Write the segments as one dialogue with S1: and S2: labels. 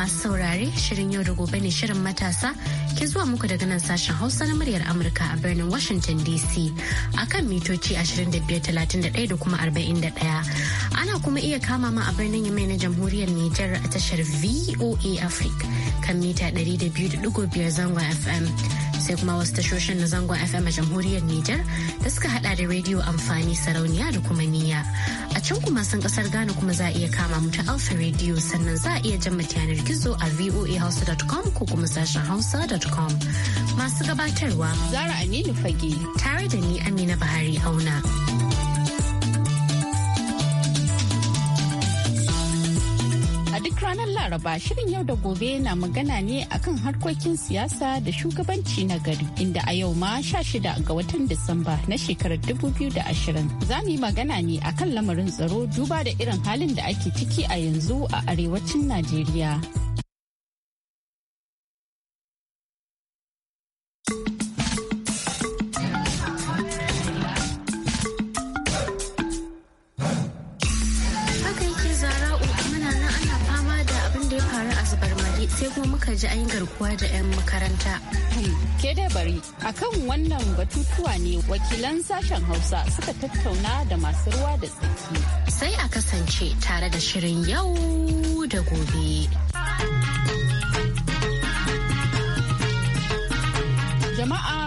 S1: masu saurare shirin yau da gobe ne shirin matasa ke zuwa muku daga nan sashen hausa na muryar amurka a birnin washington dc akan mitoci 2531 da kuma 41 ana kuma iya kama ma a birnin yamai na jamhuriyar nijar a tashar voa africa kan mita 200.5 zangon fm sai kuma wasu tashoshin na zangon FM a jamhuriyar Nijar da suka hada da rediyo amfani sarauniya da kuma niyya. A can kuma sun kasar Ghana kuma za a iya kama mu ta Alpha Radio sannan za a iya jan mata yanar gizo a voahouse.com ko kuma sashen hausa.com. Masu gabatarwa Zara Aminu Fage tare da ni Amina Bahari Auna. ranar Laraba
S2: shirin yau da gobe na magana ne akan harkokin siyasa da shugabanci na gari inda a yau ma 16 ga watan Disamba na shekarar 2020 za mu yi magana ne akan lamarin tsaro duba da irin halin da ake ciki a yanzu a arewacin Najeriya.
S1: garkuwa da 'yan makaranta. Ke dai bari
S2: a kan wannan batutuwa ne wakilan sashen Hausa suka tattauna da masu ruwa da tsaki.
S1: Sai a kasance tare da shirin yau da gobe.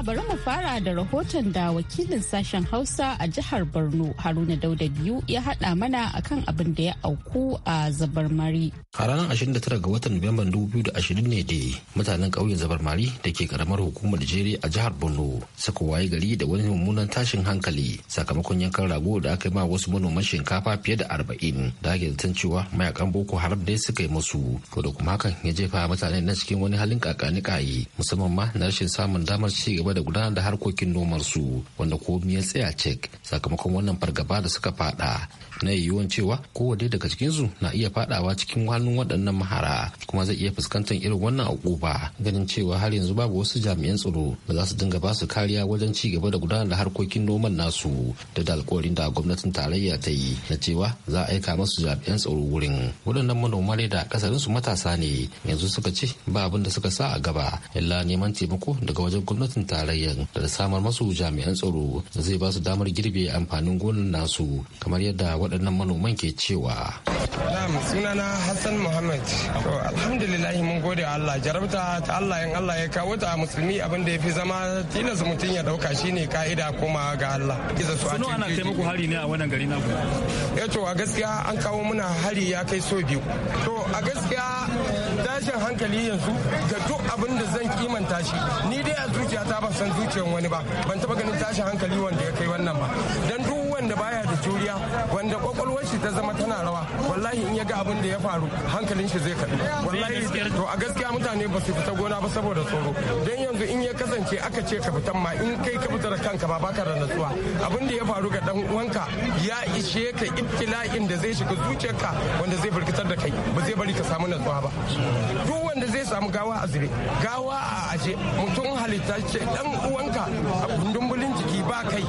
S2: bari mu fara da rahoton da wakilin sashen Hausa a jihar Borno Haruna Dauda biyu ya hada mana akan abin da ya auku a Zabarmari.
S3: A ranar 29 ga watan Nuwamban 2020 ne dai mutanen ƙauyen Zabarmari da ke karamar hukumar Jere a jihar Borno suka waye gari da wani mummunan tashin hankali sakamakon yankan rago da aka yi ma wasu manoman shinkafa fiye da 40 da ake zaton cewa mayakan Boko Haram dai suka yi musu. To da kuma hakan ya jefa mutane na cikin wani halin kakani kayi musamman ma na rashin samun damar ci gaba da gudanar da harkokin su wanda komi ya tsaya cek sakamakon wannan fargaba da suka fada na yiwuwan cewa kowane daga cikinsu na iya fadawa cikin hannun waɗannan mahara kuma zai iya fuskantar irin wannan ba ganin cewa har yanzu babu wasu jami'an tsaro da za su dinga ba su kariya wajen ci gaba da gudanar da harkokin noman nasu da da alkawarin da gwamnatin tarayya ta yi na cewa za a aika masu jami'an tsaro wurin waɗannan manoma ne da kasarinsu matasa ne yanzu suka ce ba abin da suka sa a gaba illa neman taimako daga wajen gwamnatin tarayya tarayyar da samar masu jami'an tsaro da zai ba su damar girbe amfanin gonan nasu kamar yadda waɗannan manoman ke cewa.
S4: sunana Hassan Muhammad. Alhamdulillah mun gode Allah jarabta ta Allah in Allah ya kawo ta musulmi abin da ya fi zama tilas mutum ya ɗauka shine ka'ida kuma ga Allah. Suno ana taimako hari ne a wannan gari na Eh a gaskiya an kawo muna hari ya kai so biyu. To a gaskiya tashin hankali yanzu ga duk abin da zan kimanta shi ni dai a zuciyata ban san zuciyar wani ba ban taba ganin tashin hankali wanda ya kai wannan ba dan duk mutumin da baya da juriya wanda kwakwalwar shi ta zama tana rawa wallahi in ya ga abin da ya faru hankalin shi zai kaɗu wallahi to a gaskiya mutane ba su fita gona ba saboda tsoro don yanzu in ya kasance aka ce ka fitan ma in kai ka fita da kanka ba baka da natsuwa abin da ya faru ga dan uwanka ya ishe ka ibtila'in da zai shiga zuciyarka wanda zai firgitar da kai ba zai bari ka samu natsuwa ba duk wanda zai samu gawa a zube gawa a aje mutum halitta ce dan uwanka a dumbulin jiki ba kai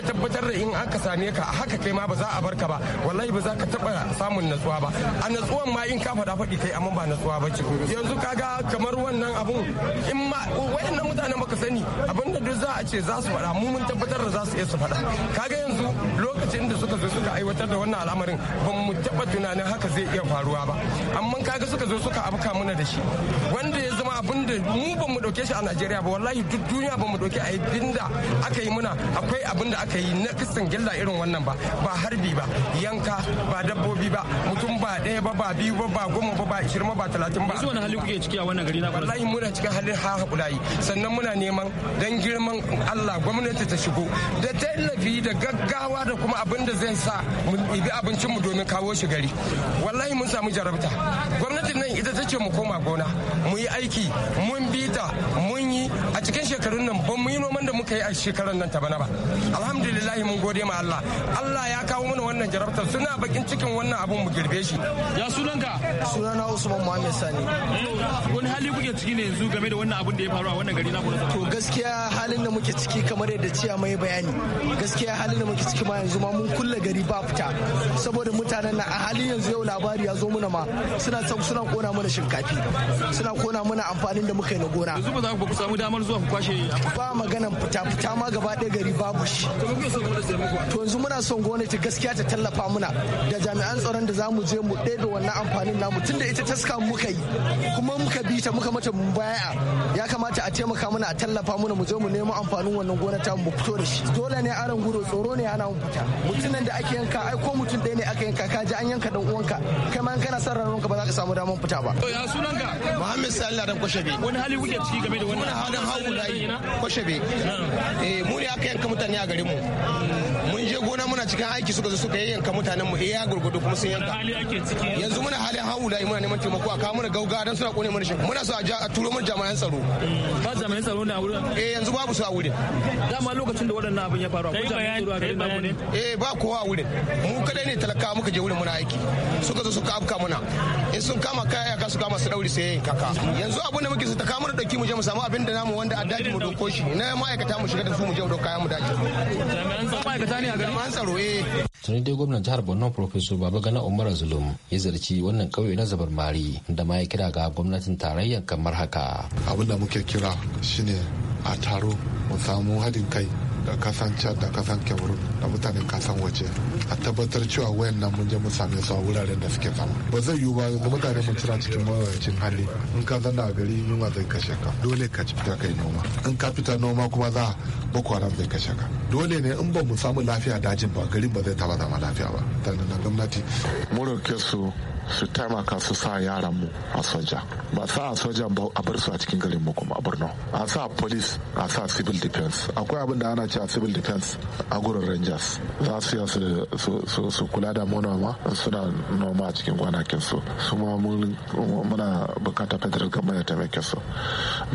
S4: ka tabbatar da in aka same ka haka kai ma ba za a barka ba wallahi ba za ka taba samun natsuwa ba a natsuwan ma in ka faɗa faɗi kai amma ba natsuwa ba ce yanzu kaga kamar wannan abun in ma wayannan mutanen baka sani abinda duk za a ce za su faɗa mu mun tabbatar da za su iya su faɗa kaga yanzu lokacin da suka zo suka aiwatar da wannan al'amarin ban mu taba tunanin haka zai iya faruwa ba amma kaga suka zo suka abuka mana da shi wanda abin da mu ba mu dauke shi a Najeriya ba wallahi duk duniya ba mu dauke abin da aka yi muna akwai abin da aka yi na kisan gilla irin wannan ba ba harbi ba yanka ba dabbobi ba mutum ba daya ba ba biyu ba ba goma ba ba ishirin ba talatin ba. Yanzu wani hali kuke ciki a wannan gari na Wallahi muna cikin halin ha hakulayi sannan muna neman dan girman Allah gwamnati ta shigo da tallafi da gaggawa da kuma abin da zai sa mu ibi mu domin kawo shi gari. Wallahi mun samu jarabta. Gwamnatin nan ita ta ce mu koma gona mu yi aiki mun bi ta mun yi a cikin shekarun nan ban mu yi noman da muka yi a shekarun nan ta bana ba alhamdulillah mun gode ma Allah Allah ya kawo mana wannan jarabtar suna bakin cikin wannan abun mu girbe shi ya sunanka sunana Usman Muhammad Sani wani hali kuke ciki ne yanzu game da wannan abun da ya faru a wannan gari na to gaskiya
S5: halin da muke ciki kamar yadda ciya mai bayani gaskiya halin da muke ciki ma yanzu ma mun kulle gari ba fita saboda mutanen na a halin yanzu yau labari ya zo muna ma suna suna kona mana shinkafi suna kona mana amfanin da muka yi na gona yanzu
S3: ba za ku samu damar zuwa ku kwashe
S5: ba maganan fita fita ma gaba ɗaya gari babu shi to yanzu muna son gwamnati gaskiya ta tallafa muna da jami'an tsaron da zamu je mu ɗaya da wannan amfanin namu tunda ita taska muka yi kuma muka bi ta muka mata baya ya kamata a taimaka muna a tallafa muna mu je mu nemo amfanin wannan gona ta mu fito da shi dole ne aran guro tsoro ne ana mu fita mutumin da ake yanka ai ko mutum ɗaya ne aka yanka ka ji an yanka dan uwanka kai ma kana son ranarka ba za ka samu damar fita ba
S4: ya sunanka Muhammad Sallallahu kwashebe wani hali kuke ciki game da wani halin haulayi kwashebe eh mu ne aka yanka mutane a garin mu mun je gona muna cikin aiki suka zo suka yayyanka mutanen mu iya eh, gurgudu kuma sun yanka yanzu muna halin da muna neman taimako a kawo mana gauga dan suna kone mana shi muna so a turo mun jami'an tsaro hmm. ba jami'an tsaro na wurin eh yanzu babu su a wurin dama lokacin da waɗannan abin ya faru akwai jami'an tsaro a garin namu eh ba kowa a wurin mu kadai ne talaka muka je wurin muna aiki suka zo suka afka muna in sun kama kaya ka kasu kama su dauri sai kaka yanzu abin da muke su ta kama da dauki mu je mu samu abin da namu wanda a daji mu doko shi na ma'aikata mu shiga da su mu je mu dauka mu daji jami'an tsaro ma'aikata ne a galman eh. tuni
S3: dai gwamnan jihar borno professor babagana umar zulum ya zarci wannan ƙauye na zabar mari da ma ya kira ga gwamnatin tarayyar kamar haka
S6: abin da muke kira shine a taro mu samu haɗin kai da kasan chad da kasan kebur da mutanen kasan waje a tabbatar cewa wayan nan mun je mun same su a wuraren da suke zama ba zai yiwu ba yanzu mutane mun tura cikin mawayacin hali in ka zanna a gari yunwa zai kashe ka dole ka fita kai noma in ka fita noma kuma za boko haram zai kashe ka dole ne in ba mu samu lafiya dajin ba garin ba zai taba zama lafiya ba tare da gwamnati mu su taimaka su sa yaran mu a soja ba sa a soja ba a bar su a cikin garin mu kuma a borno a sa police a sa civil defense akwai abin da ana cewa civil defense a gurin rangers za su yi su kula da manoma suna noma a cikin gwanakin su su ma muna bukata federal government ya taimake su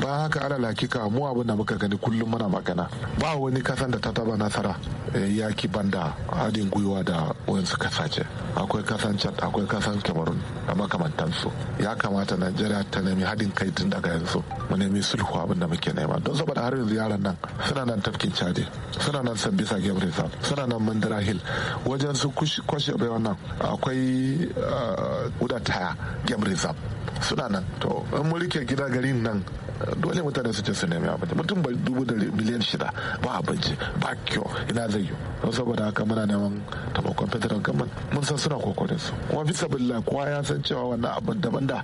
S6: ba haka ala lakika mu abin da muka gani kullum muna magana ba wani kasan da ta taba nasara eh, yaki banda hadin gwiwa da wayansu kasace akwai kasan chad akwai kasan cameroon da makamantansu ya kamata najeriya ta nemi haɗin kai tun daga yanzu mu nemi sulhu abin da muke nema don saboda har yanzu yaran nan suna nan tafkin chade suna nan sambisa gabriel suna nan mandara hill wajen su kwashe bai wannan akwai wuda ah, taya gabriel suna nan to in mulke gida garin nan dole mutane su ce su nemi abinci mutum bai dubu da miliyan shida ba abinci ba kyau ina zai yi don saboda haka muna neman taimakon federal government mun san suna kokarin su kuma bisa billah kowa ya san cewa wannan abin daban da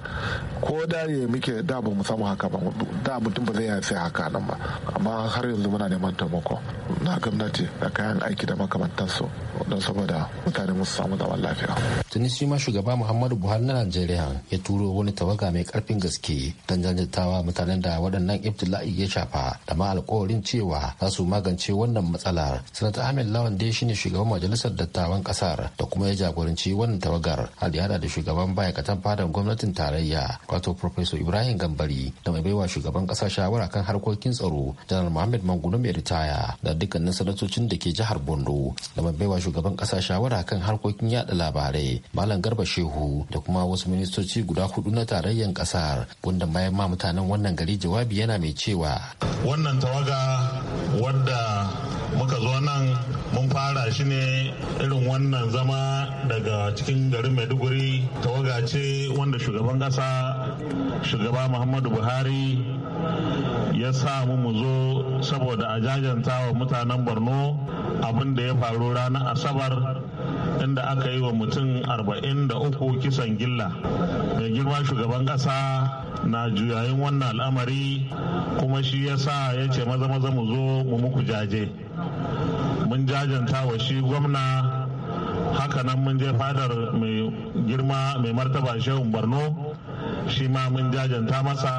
S6: ko da ya muke da ba mu samu haka ba da mutum ba zai yi sai haka nan ba amma har yanzu muna neman taimako na gwamnati da kayan aiki da makamantansu don saboda mutane mu samu zaman lafiya.
S3: Tuni shi ma shugaba Muhammadu Buhari na Najeriya ya turo wani tawaga mai karfin gaske don jajatawa mutanen da waɗannan ibtila'i ya shafa da ma alkawarin cewa za su magance wannan matsalar sanata ahmed lawan dai shine shugaban majalisar dattawan ƙasar da kuma ya jagoranci wannan tawagar har yada da shugaban ma'aikatan fadar gwamnatin tarayya wato professor ibrahim gambari da mai baiwa shugaban ƙasa shawara kan harkokin tsaro janar mohammed manguno mai ritaya da dukkanin sanatocin da ke jihar bondo da mai baiwa shugaban ƙasa shawara kan harkokin yada labarai malam garba shehu da kuma wasu ministoci guda hudu na tarayyan kasar wanda bayan ma mutanen wannan gari buhari jawabi yana mai cewa
S7: wannan tawaga wadda muka zo nan mun fara shi ne irin wannan zama daga cikin garin maiduguri tawaga ce wanda shugaban kasa shugaba muhammadu buhari ya sa mu zo saboda a jajanta wa mutanen borno abin da ya faru ranar asabar inda aka yi wa mutum 43 kisan gilla mai girma shugaban kasa na juyayin wannan al'amari kuma shi ya sa ya ce maza maza mu zo mu muku jaje mun jajanta wa shi gwamna hakanan mun je fadar mai girma mai martaba shehun barno shi ma mun jajanta masa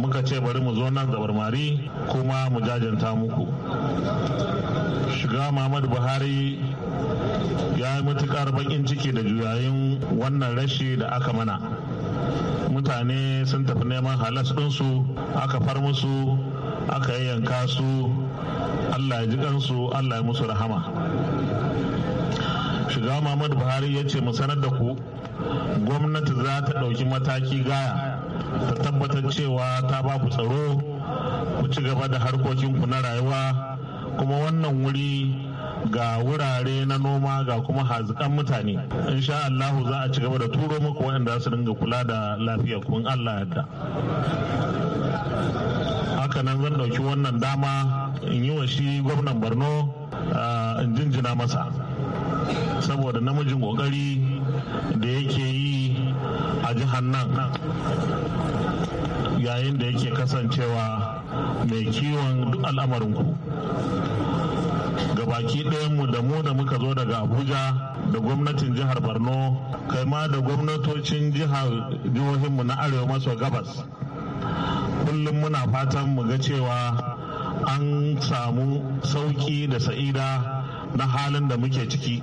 S7: muka ce bari mu zo nan zabarmari kuma mu jajanta muku shiga muhammadu buhari ya yi matukar bakin ciki da juyayin wannan rashi da aka mana mutane sun tafi neman halas ɗinsu aka far musu aka yanka su allah ya ji kansu allah ya musu rahama shiga muhammadu buhari ya ce mu sanar da ku gwamnati za ta ɗauki mataki gaya ta tabbatar cewa ta ba ku tsaro ku ci gaba da harkokinku na rayuwa kuma wannan wuri ga wurare na noma ga kuma hazikan mutane insha Allah za a ci gaba da turo muku waɗanda su dinga kula da lafiya kun Allah yadda haka nan zan ɗauki wannan dama in yi wa shi gwamnan Borno in jinjina masa saboda namijin ƙoƙari da yake yi a jihar nan yayin da yake kasancewa mai kiwon duk al'amarinku Ga baki mu da mu da muka zo daga abuja da gwamnatin jihar borno kai ma da gwamnatocin jihohinmu na arewa maso gabas kullum muna fatan mu ga cewa an samu sauki da sa'ida na halin da muke ciki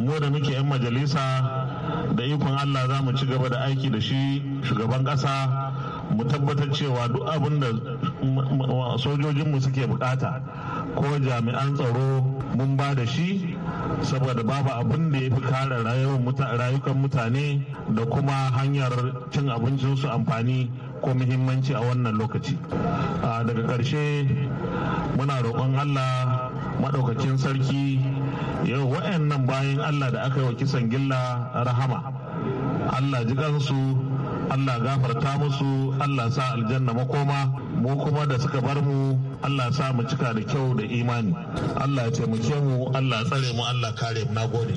S7: mu da muke 'yan majalisa da ikon allah za mu ci gaba da aiki da shi shugaban ƙasa mu tabbatar cewa duk abin da sojojinmu suke bukata ko jami'an tsaro mun ba da shi saboda babu abin da ya fi kare rayukan mutane da kuma hanyar cin abincinsu amfani ko muhimmanci a wannan lokaci daga ƙarshe muna roƙon allah maɗaukakin sarki yau wa'annan bayan allah da aka yi wa kisan gilla rahama allah ji kansu allah gafarta musu allah sa aljanna makoma mu kuma da suka bar mu Allah sa mu cika da kyau da imani Allah ya taimake mu Allah tsare mu Allah kare mu nagode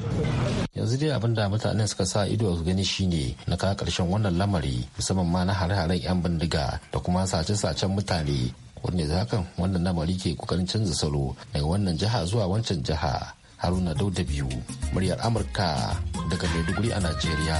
S3: yanzu dai abin da mutane suka sa ido su gani shine na ka karshen wannan lamari musamman ma na hare-haren yan bindiga da kuma sace-sacen mutane wanda da hakan wannan lamari ke kokarin canza salo daga wannan jiha zuwa wancan jiha haruna dauda biyu muryar amurka daga maiduguri a najeriya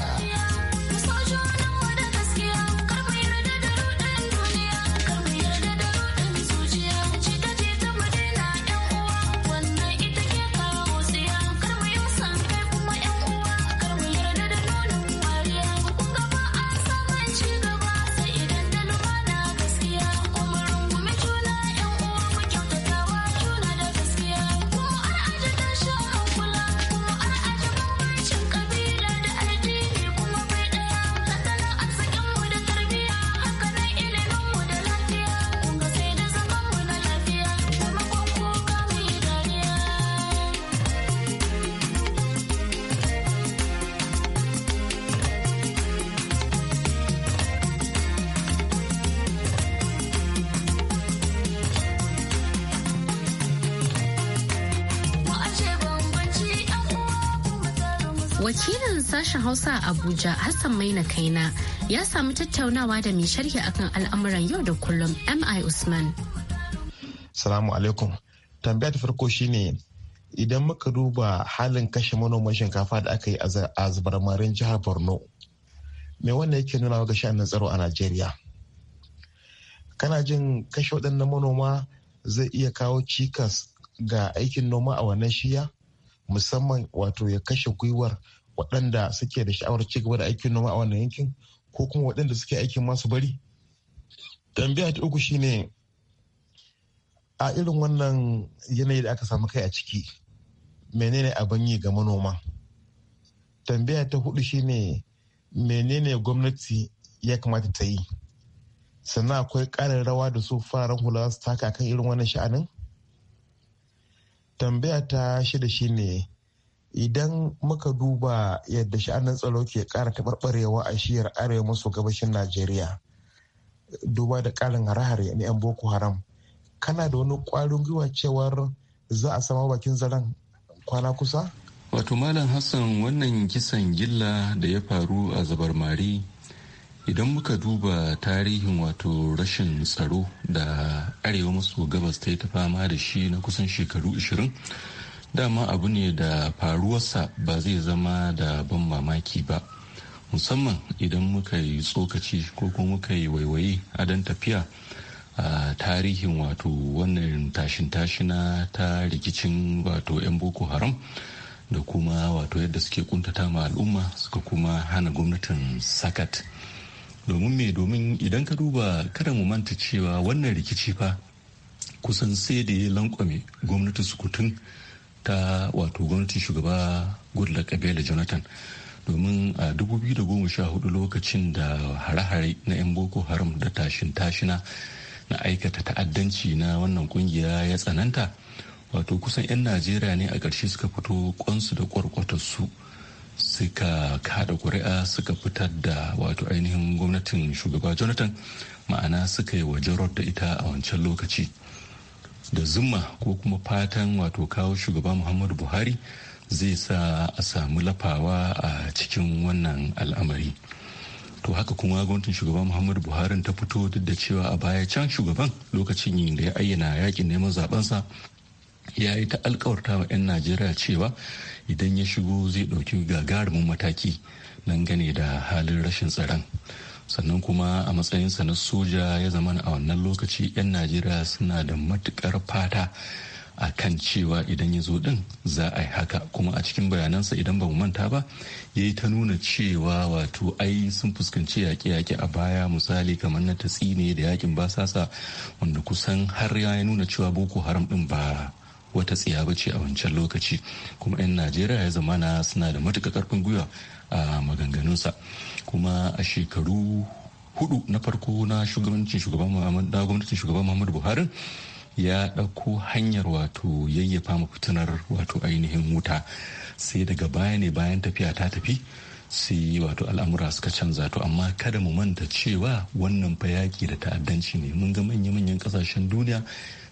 S1: sashen Hausa a Abuja Hassan Maina Kaina ya samu tattaunawa da mai sharhi akan al'amuran yau da kullum MI Usman.
S5: Salamu alaikum. Tambaya ta farko shine idan muka duba halin kashe manoman shinkafa da aka yi a zubarmarin jihar Borno. Me wanda yake nuna ga sha'an tsaro a Najeriya? Kana jin kashe waɗannan manoma zai iya kawo cikas ga aikin noma a wannan shiya? musamman wato ya kashe gwiwar waɗanda suke da sha'awar ci gaba da aikin noma a wannan yankin ko kuma waɗanda suke aikin masu bari tambaya ta uku shine a irin wannan yanayi da aka samu kai a ciki menene abin yi ga manoma tambaya ta hudu shine menene gwamnati ya kamata ta yi sannan akwai ƙarin rawa da su fararen hula su taka kan irin wannan sha'anin tambaya ta shida shine idan muka duba yadda sha'anin tsaro ke kara taɓarɓarewa a shiyar arewa maso gabashin najeriya duba da karin hare-hare na 'yan boko haram kana da wani ƙwarin gwiwa cewar za a sama bakin zaren kwana kusa
S8: wato malam hassan wannan kisan gilla da ya faru a zabar mari idan muka duba tarihin wato rashin tsaro da arewa maso gabas ta yi ta fama da shi na kusan shekaru 20 dama abu ne da faruwarsa ba zai zama da ban mamaki ba musamman idan muka yi tsokaci ko kuma muka yi waiwaye a dan tafiya a tarihin wato wannan tashin tashina ta rikicin wato 'yan boko haram da kuma wato yadda suke kuntata ma al'umma suka kuma hana gwamnatin sakat domin me domin idan ka duba kada mu manta cewa wannan rikici fa kusan sai da ya lankwame gwamnati sukutun ta wato gwamnatin shugaba goodluck abela jonathan domin a 2014 lokacin da hare-hare na 'yan boko haram da tashin tashina na aikata ta'addanci na wannan kungiya ya tsananta wato kusan 'yan najeriya ne a ƙarshe suka fito kwansu da kwarkwatarsu suka kada kuri'a suka fitar da wato ainihin gwamnatin shugaba jonathan ma'ana suka yi wa da ita a wancan lokaci da zuma ko kuma fatan wato kawo shugaba muhammadu buhari zai sa a samu lafawa a cikin wannan al'amari to haka kuma gwamnatin shugaba muhammadu buhari ta fito duk da cewa a baya can shugaban lokacin yin da ya ayyana yakin neman zabensa ya yi ta alkawarta wa 'yan najeriya cewa idan ya shigo zai ɗauki gagarumin mataki dangane da halin rashin tsaron sannan kuma a matsayinsa na soja ya zama a wannan lokaci 'yan najeriya suna da matukar fata a kan cewa idan ya zo din za a yi haka kuma a cikin bayanansa idan ba mu manta ba ya yi ta nuna cewa wato ai sun fuskanci yaƙe-yaƙe a baya misali kamar na tatsi ne da yakin basasa wanda kusan har ya nuna cewa boko haram din ba wata tsiya ba ce a wancan lokaci kuma 'yan najeriya ya zamana suna da matuƙa ƙarfin gwiwa a maganganunsa kuma a shekaru hudu na farko na shugabancin shugaban gwamnatin shugaban muhammadu buhari ya dauko hanyar wato yayyafa ma fitinar wato ainihin wuta sai daga baya ne bayan tafiya ta tafi sai wato al'amura suka canza to amma kada mu manta cewa wannan fa yaƙi da ta'addanci ne mun ga manya-manyan ƙasashen duniya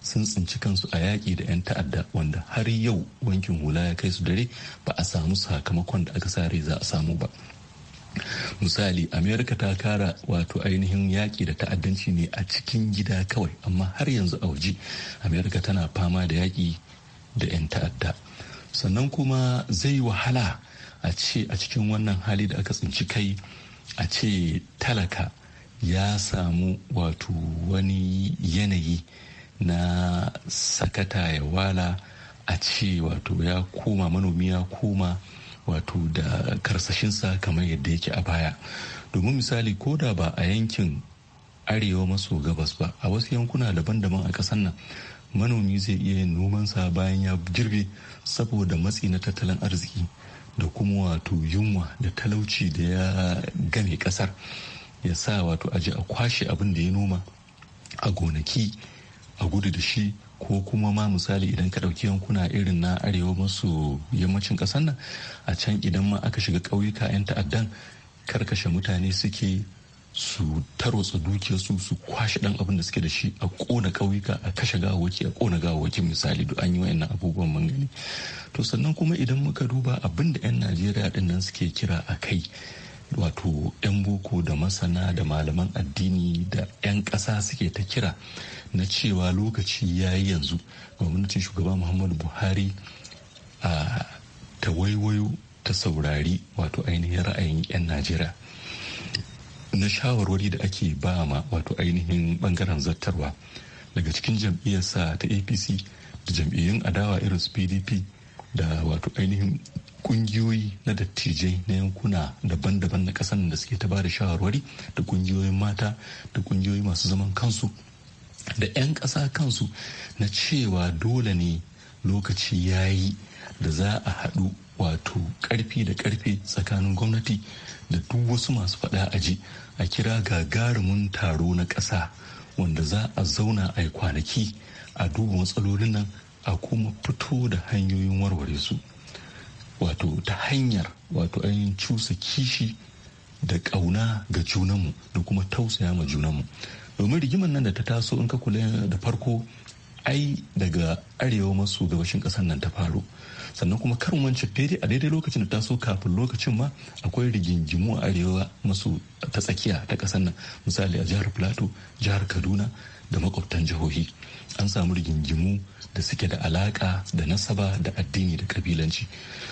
S8: sun tsinci kansu a yaƙi da 'yan ta'adda wanda har yau wankin hula ya kai su dare ba a samu sakamakon da aka sare za a samu ba misali amerika ta kara wato ainihin yaƙi da ta'addanci ne a cikin gida kawai amma har yanzu a waje amerika tana fama da yaƙi da 'yan ta'adda sannan kuma zai wahala a ce a cikin wannan hali da aka tsinci kai a ce talaka ya samu wato wani yanayi na sakata ya wala a ce wato ya koma manomi ya koma wato da karsashinsa kamar yadda yake a baya domin misali ko da ba a yankin arewa maso gabas ba a wasu yankuna daban-daban a ƙasar nan manomi zai iya yin nomansa bayan ya girbe saboda matsi na tattalin arziki da kuma wato yunwa da talauci da ya game ƙasar ya sa wato aji a kwashe abin da ya noma a gonaki a gudu da shi ko kuma ma misali idan ka ɗauki yankuna irin na arewa masu yammacin ƙasar nan a can idan ma aka shiga ƙauyuka 'yan ta'addan karkashe mutane suke su tarotsa dukiyarsu su kwashe dan abin da suke da shi a kona kauyuka a kashe gawawaki a kona gawawaki misali duk an yi wayannan abubuwan mun gani to sannan kuma idan muka duba abin da yan najeriya din nan suke kira a kai wato 'yan boko da masana da malaman addini da 'yan ƙasa suke ta kira na cewa lokaci ya yi yanzu gwamnatin shugaba muhammadu buhari a ta waiwayo ta saurari wato ainihin ra'ayin 'yan najeriya na shawarwari da ake ba ma wato ainihin bangaren zartarwa daga cikin jam'iyyarsa ta apc da jam'iyyun adawa irin su pdp da wato ainihin kungiyoyi na dattijai na yankuna daban-daban na kasan da suke ta bada shawarwari da kungiyoyin mata da kungiyoyi masu zaman kansu da 'yan ƙasa kansu na cewa dole ne lokaci ya yi da za a haɗu wato ƙarfi da ƙarfe tsakanin gwamnati da duk wasu masu faɗa a ji a kira gagarumin taro na ƙasa wanda za a zauna a kwanaki a duba matsalolin nan a kuma fito da hanyoyin warware su. wato ta hanyar wato ainihin cusa kishi da ƙauna ga junanmu da kuma tausaya ma junanmu domin rigimar nan da ta taso in ka kula da farko ai daga arewa maso gabashin kasar nan ta faru sannan kuma karin wancan daidai a daidai lokacin da taso kafin lokacin ma akwai rigingimu a arewa maso ta tsakiya ta kasar nan misali a jihar plateau jihar kaduna da makwabtan jihohi an samu rigingimu da suke da alaka da nasaba da addini da kabilanci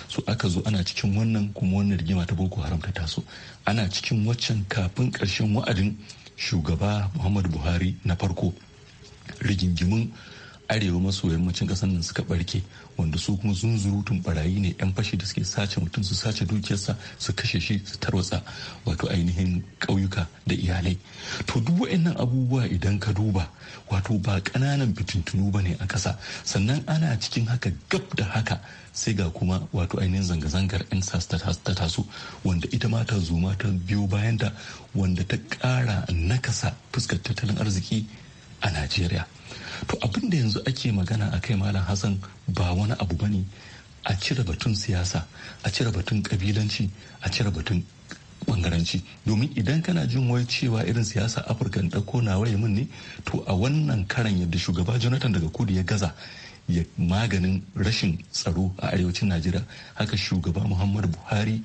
S8: su aka zo ana cikin wannan kuma wannan rigima ta boko haram ta taso ana cikin waccan kafin karshen wa'adin shugaba muhammadu buhari na farko rigingimin arewa maso yammacin kasar nan suka barke wanda su kuma zunzurutun barayi ne yan fashi da suke sace mutum su sace dukiyarsa su kashe shi su tarwatsa wato ainihin ƙauyuka da iyalai to duk wa'annan abubuwa idan ka duba wato ba ƙananan fitintunu ba ne a ƙasa sannan ana cikin haka gab da haka sai ga kuma wato ainihin zanga-zangar yan ta taso wanda ita ma ta zo ma ta biyo bayan ta wanda ta ƙara nakasa fuskar tattalin arziki a najeriya to abin da yanzu ake magana a kai malam hassan ba wani abu bane a cire batun siyasa a cire batun kabilanci a cire batun bangaranci domin idan kana jin wai cewa irin siyasa afirka da ɗauko na waye min ne to a wannan karan yadda shugaba jonathan daga kudu ya gaza ya maganin rashin tsaro a arewacin najeriya haka shugaba muhammadu buhari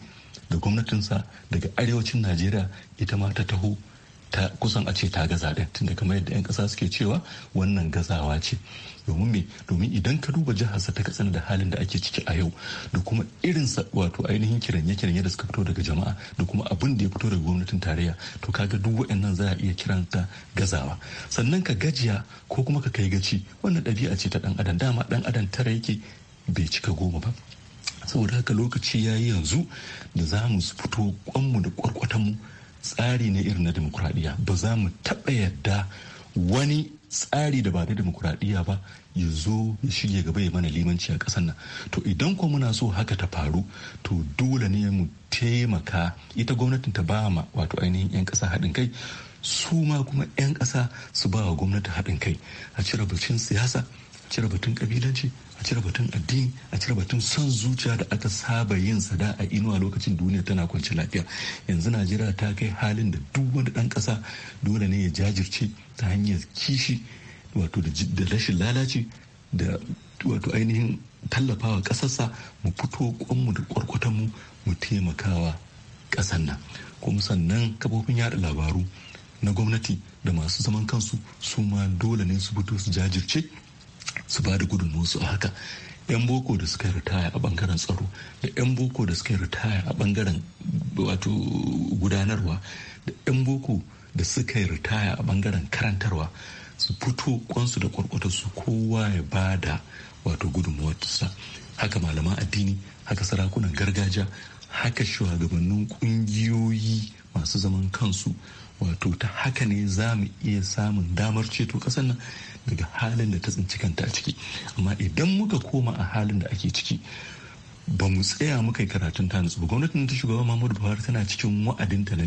S8: da gwamnatinsa daga arewacin najeriya ita ma ta taho ta kusan a ce ta gaza ɗin tunda kamar yadda 'yan ƙasa suke cewa wannan gazawa ce domin me domin idan ka duba jihar sa ta katsina da halin da ake ciki a yau da kuma irin sa wato ainihin kiranye kiranye da suka fito daga jama'a da kuma abin da ya fito daga gwamnatin tarayya to ka kaga duk waɗannan za a iya kiranta gazawa sannan ka gajiya ko kuma ka kai gaci wannan ɗabi'a ce ta ɗan adam dama ɗan adam tara yake bai cika goma ba saboda haka lokaci ya yi yanzu da za mu fito kwanmu da kwarkwatanmu mu tsari ne irin na demokuraɗiyya ba za mu taɓa yadda wani tsari da ba na demokuraɗiyya ba ya zo ya shige gaba ya mana limanci a ƙasar nan to idan kuma muna so haka ta faru to dole ne mu taimaka ita gwamnatin ta ba ma wato ainihin 'yan ƙasa haɗin kai su ma kuma 'yan ƙasa su ba wa gwamnati haɗin kai a cire batun siyasa cire batun ƙabilanci a cire batun addini a cire batun son zuciya da aka saba yin sada a inuwa lokacin duniya tana kwanci lafiya yanzu najeriya ta kai halin da duk wani dan kasa dole ne ya jajirce ta hanyar kishi wato da rashin lalaci da wato ainihin tallafawa kasarsa mu fito kwanmu da kwarkwatanmu mu taimakawa kasan nan kuma sannan kafofin yada labaru na gwamnati da masu zaman kansu su ma dole ne su fito su jajirce su ba da gudunmuwarsu a haka yan boko da suka ritaya a bangaren tsaro da yan boko da suka ritaya a bangaren wato gudanarwa da yan boko da suka ritaya a bangaren karantarwa su fito kwansu da su kowa ya ba da wato gudunmuwarsa haka malaman addini haka sarakunan gargajiya haka shugabannin kungiyoyi masu zaman kansu wato ta haka ne za mu iya samun damar ceto ƙasar nan daga halin da ta tsinci kanta a ciki amma idan muka koma a halin da ake ciki ba mu tsaya muka yi karatun ta nutsu gwamnatin ta shugaba Mahmud buhari tana cikin wa'adin ta na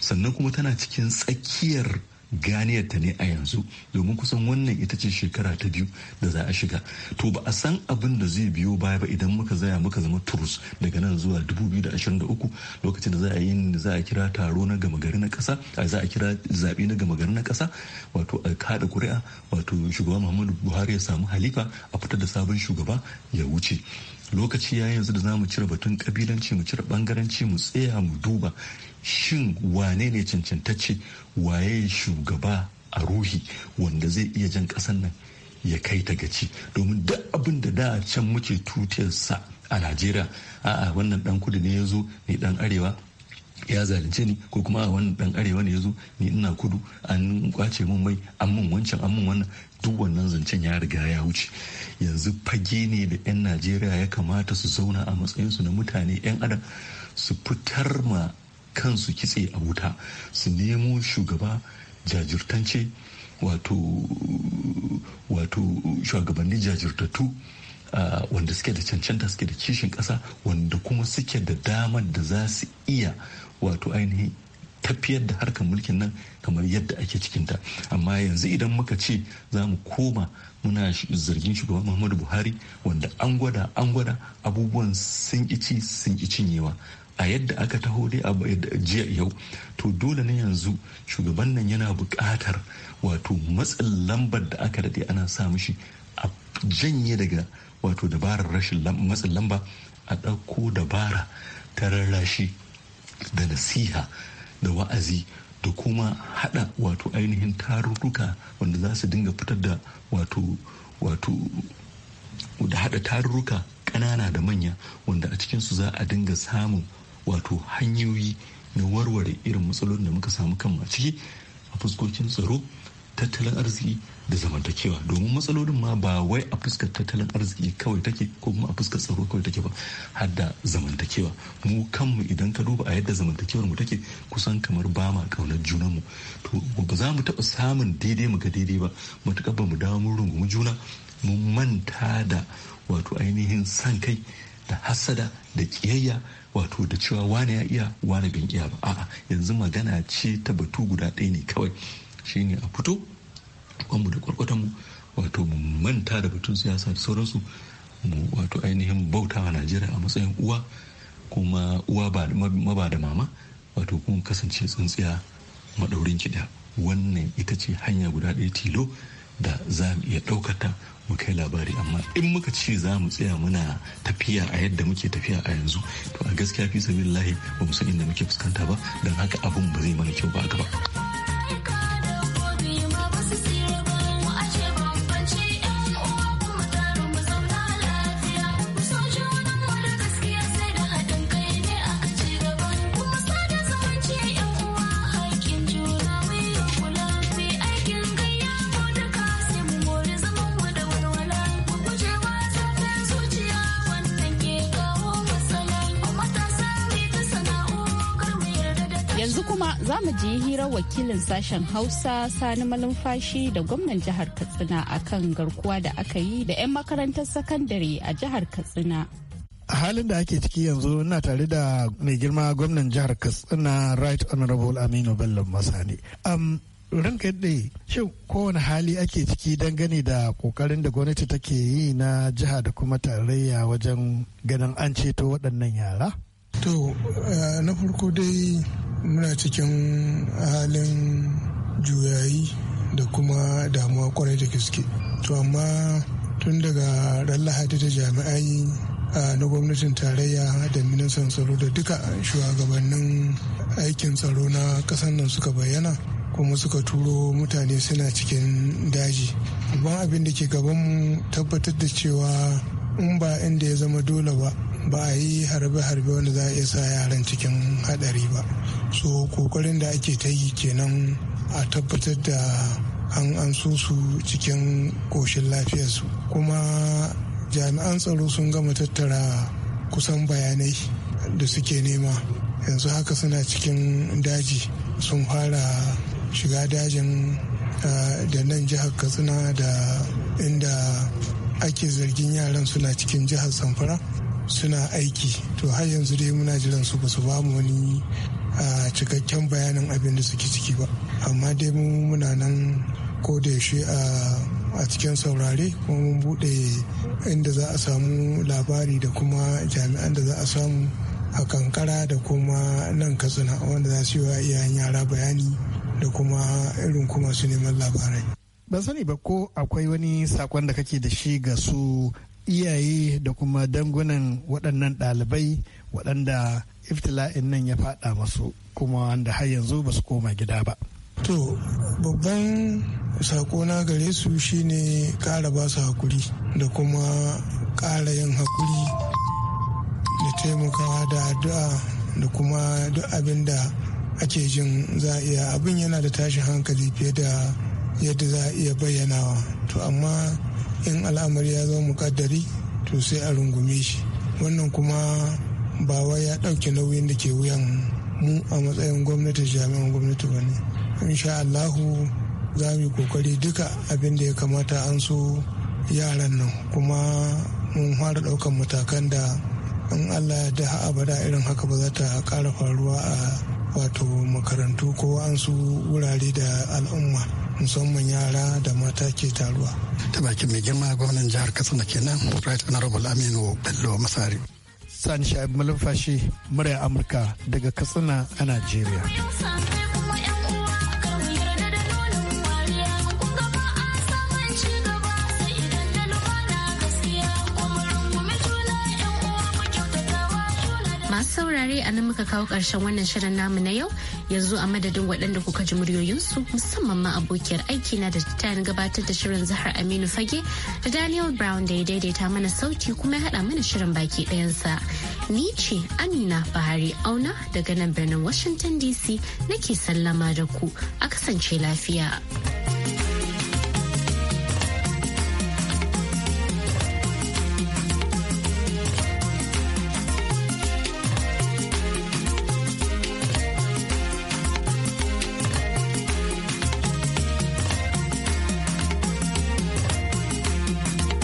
S8: sannan kuma tana cikin tsakiyar ganiyar ta ne a yanzu domin kusan wannan ita ce shekara ta biyu da za a shiga to ba a san abin da zai biyo baya ba idan muka zaya muka zama turus daga nan zuwa 2023 lokacin da za a yi za a kira taro na gama gari na kasa a za a kira zaɓe na gama gari na kasa wato a kada kuri'a wato shugaba muhammadu buhari ya samu halifa a fitar da sabon shugaba ya wuce lokaci ya yanzu da za mu cire batun kabilanci mu cire bangaranci mu tsaya mu duba shin wane ne cancantacce waye shugaba a ruhi wanda zai iya jan ƙasan nan ya kai ta gaci domin duk abin da da can muke tutiyarsa a najeriya a'a wannan dan kudu ne ya zo ne dan arewa ya zalunce ni ko kuma a wannan dan arewa ne ya zo ni ina kudu an kwace mun mai an mun wancan an mun wannan duk wannan zancen ya riga ya wuce yanzu fage ne da 'yan najeriya ya kamata su zauna a matsayinsu na mutane 'yan adam su fitar ma kansu kitse a wuta su nemo shugaba jajirtance wato wato shugabanni jajirtattu wanda suke da cancanta suke da kishin ƙasa wanda kuma suke da damar da za su iya wato ainihin tafiyar da harkar mulkin nan kamar yadda ake cikinta amma yanzu idan muka ce za mu koma muna zargin shugaban muhammadu buhari wanda an gwada an gwada abubuwan sun ƙici sun ƙi cinyewa a yadda aka taho dai a jiya yau to dole ne yanzu shugaban nan yana buƙatar wato matsin lambar da aka daɗe ana sa mishi a janye daga wato dabarar rashin matsin lamba a ɗauko dabara ta rarrashi da nasiha da wa'azi da kuma haɗa wato ainihin tarurruka wanda za su dinga fitar da wato wato da haɗa tarurruka ƙanana da manya wanda a cikinsu za a dinga samun wato hanyoyi na warware irin matsalolin da muka samu kan a ciki a fuskokin tsaro tattalin arziki da zamantakewa domin matsalolin ma ba wai a fuskar tattalin arziki kawai take ko kuma a fuskar tsaro kawai take ba har da zamantakewa mu kanmu idan ka duba a yadda zamantakewar mu take kusan kamar ba ma kaunar junan mu to ba za mu taɓa samun daidai mu ga daidai ba matuƙar ba mu dawo mun rungumi juna mun manta da wato ainihin san kai da hasada da kiyayya wato da cewa wane ya iya wane bin iya ba a'a yanzu magana ce ta batu guda ɗaya ne kawai shine a fito kwanmu da kwarkwatanmu wato mu manta da batun siyasa da sauransu mu wato ainihin bauta a najeriya a matsayin uwa kuma uwa ba da mama wato kuma kasance tsintsiya maɗaurin kiɗa wannan ita ce hanya guda ɗaya tilo da za mu iya ɗaukata mu kai labari amma in muka ce za mu tsaya muna tafiya a yadda muke tafiya a yanzu to a gaskiya fi sabi lahi ba mu san inda muke fuskanta ba don haka abun ba zai mana kyau ba a gaba.
S2: wakilin sashen hausa sani malumfashi da gwamnan jihar katsina akan garkuwa da aka yi da 'yan makarantar sakandare a jihar katsina
S9: a halin da ake ciki yanzu ina tare da mai girma gwamnan jihar katsina right honorable aminu bello masani um, ranka yadda kowane hali ake ciki dangane da kokarin da gwamnati take yi na jiha da kuma tarayya wajen ganin an ceto waɗannan yara To, eh, na farko dai muna cikin halin juyayi da kuma damuwa kwarai da gaske. To, amma tun daga ran lahadi da jami'ai eh, na gwamnatin tarayya da ministan tsaro da duka shugabannin aikin tsaro na ƙasar nan suka bayyana kuma suka turo mutane suna cikin daji. Amma abin da ke gabanmu tabbatar da cewa in ba inda ya zama dole ba ba a yi harbe-harbe wanda za a iya sa yaran cikin haɗari ba so kokarin da ake ta yi kenan a tabbatar da an an su cikin lafiyar lafiyarsu kuma jami'an tsaro sun gama tattara kusan bayanai da suke nema yanzu haka suna cikin daji sun fara shiga dajin da nan jihar katsina da inda ake zargin yaran suna cikin jihar samfara suna aiki to har yanzu dai muna jiran su ba su ba mu wani cikakken bayanin abin da suke ciki ba amma dai mu muna nan ko da yaushe a cikin saurare kuma mun bude inda za a samu labari da kuma jami'an da za a samu a kankara da kuma nan katsina wanda za su yi wa yara bayani da kuma irin kuma su neman labarai ban sani ba ko akwai wani sakon da kake da shi ga su iyaye da kuma dangunan waɗannan ɗalibai waɗanda iftila'in nan ya faɗa masu kuma wanda har yanzu ba su koma gida ba. To babban sako na gare su shine ƙara ba su hakuri da kuma ƙara yin hakuri da taimakawa da addu'a da kuma duk abin da ake jin za a iya abin yana da tashin hankali fiye da yadda za a iya bayyanawa. To amma in al'amari ya zama mukaddari to sai a rungume shi wannan kuma ba wai ya ɗauki nauyin da ke wuyan mu a matsayin gwamnati jami'an gwamnati ba ne insha allahu za mu yi kokari duka abin da ya kamata an so yaran nan kuma mun fara ɗaukan matakan da in allah ya da abada irin haka ba za ta ƙara faruwa a wato makarantu ko an su wurare da al'umma musamman yara da mata ke taruwa. Ta bakin mai girma gwamnan jihar Katsina kenan Right Honorable Aminu Bello Masari. Sani Shaib Malumfashi, murya Amurka daga Katsina a Najeriya.
S1: saurare a nan muka kawo ƙarshen wannan shirin namu na yau yanzu a madadin waɗanda kuka ji muryoyinsu musamman ma abokiyar aiki na da ta gabatar da shirin zahar aminu fage da daniel brown da ya daidaita mana sauti kuma ya haɗa mana shirin baki ɗayansa ni ce amina bahari auna daga nan birnin washington dc nake sallama da ku a kasance lafiya.